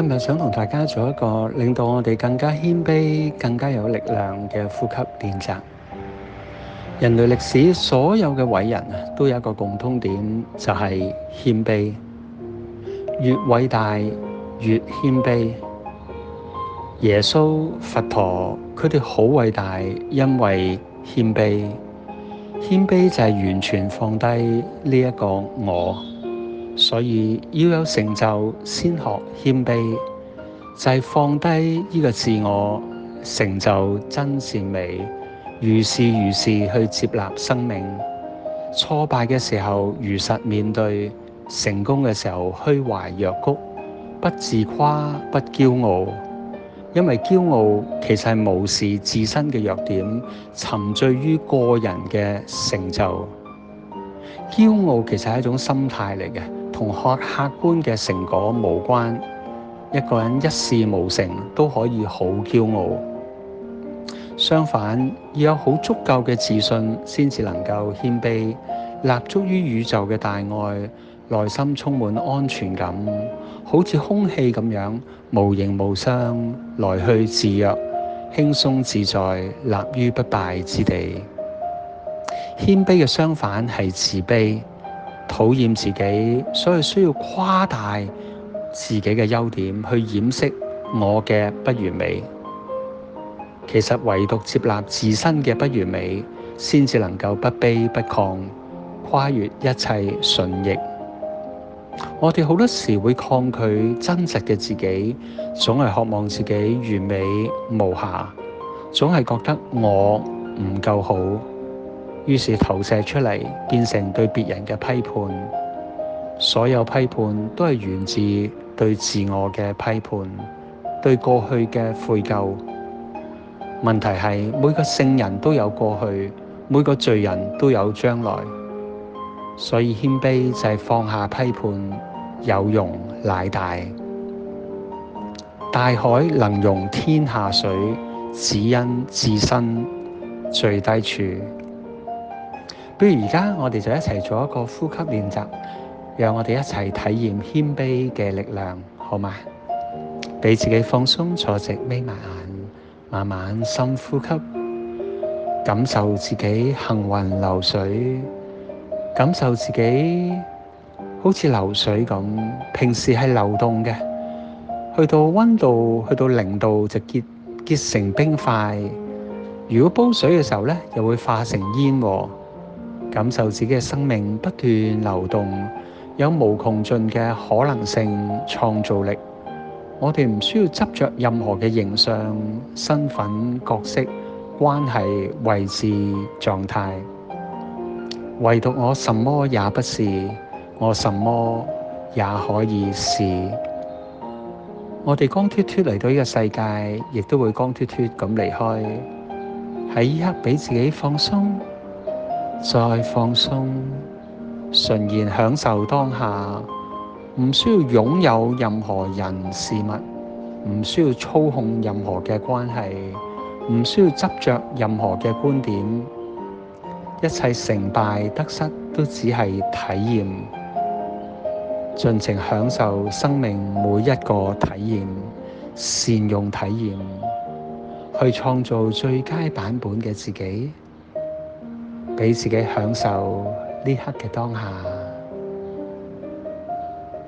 今日想同大家做一個令到我哋更加謙卑、更加有力量嘅呼吸練習。人類歷史所有嘅偉人都有一個共通點，就係謙卑。越偉大越謙卑。耶穌、佛陀，佢哋好偉大，因為謙卑。謙卑就係完全放低呢一個我。所以要有成就先學謙卑，就係放低呢個自我，成就真善美，如是如是去接納生命。挫敗嘅時候如實面對，成功嘅時候虛懷若谷，不自誇不驕傲。因為驕傲其實係無視自身嘅弱點，沉醉於個人嘅成就。驕傲其實係一種心態嚟嘅。同客觀嘅成果無關，一個人一事無成都可以好驕傲。相反，要有好足夠嘅自信，先至能夠謙卑，立足於宇宙嘅大愛，內心充滿安全感，好似空氣咁樣無形無相，來去自若，輕鬆自在，立於不敗之地。謙卑嘅相反係自卑。討厭自己，所以需要誇大自己嘅優點去掩飾我嘅不完美。其實唯獨接納自身嘅不完美，先至能夠不卑不亢，跨越一切順逆。我哋好多時會抗拒真實嘅自己，總係渴望自己完美無瑕，總係覺得我唔夠好。於是投射出嚟，變成對別人嘅批判。所有批判都係源自對自我嘅批判，對過去嘅悔疚。問題係每個聖人都有過去，每個罪人都有將來。所以謙卑就係放下批判，有容乃大。大海能容天下水，只因自身最低處。不如而家，我哋就一齊做一個呼吸練習，讓我哋一齊體驗謙卑嘅力量，好嗎？俾自己放鬆，坐直，眯埋眼，慢慢深呼吸，感受自己行雲流水，感受自己好似流水咁。平時係流動嘅，去到溫度，去到零度就結結成冰塊。如果煲水嘅時候呢，又會化成煙喎。感受自己嘅生命不斷流動，有無窮盡嘅可能性、創造力。我哋唔需要執着任何嘅形象、身份、角色、關係、位置、狀態。唯獨我什麼也不是，我什麼也可以是。我哋光脱脱嚟到呢個世界，亦都會光脱脱咁離開。喺一刻俾自己放鬆。再放鬆，純然享受當下，唔需要擁有任何人事物，唔需要操控任何嘅關係，唔需要執着任何嘅觀點，一切成敗得失都只係體驗，盡情享受生命每一個體驗，善用體驗，去創造最佳版本嘅自己。俾自己享受呢刻嘅當下。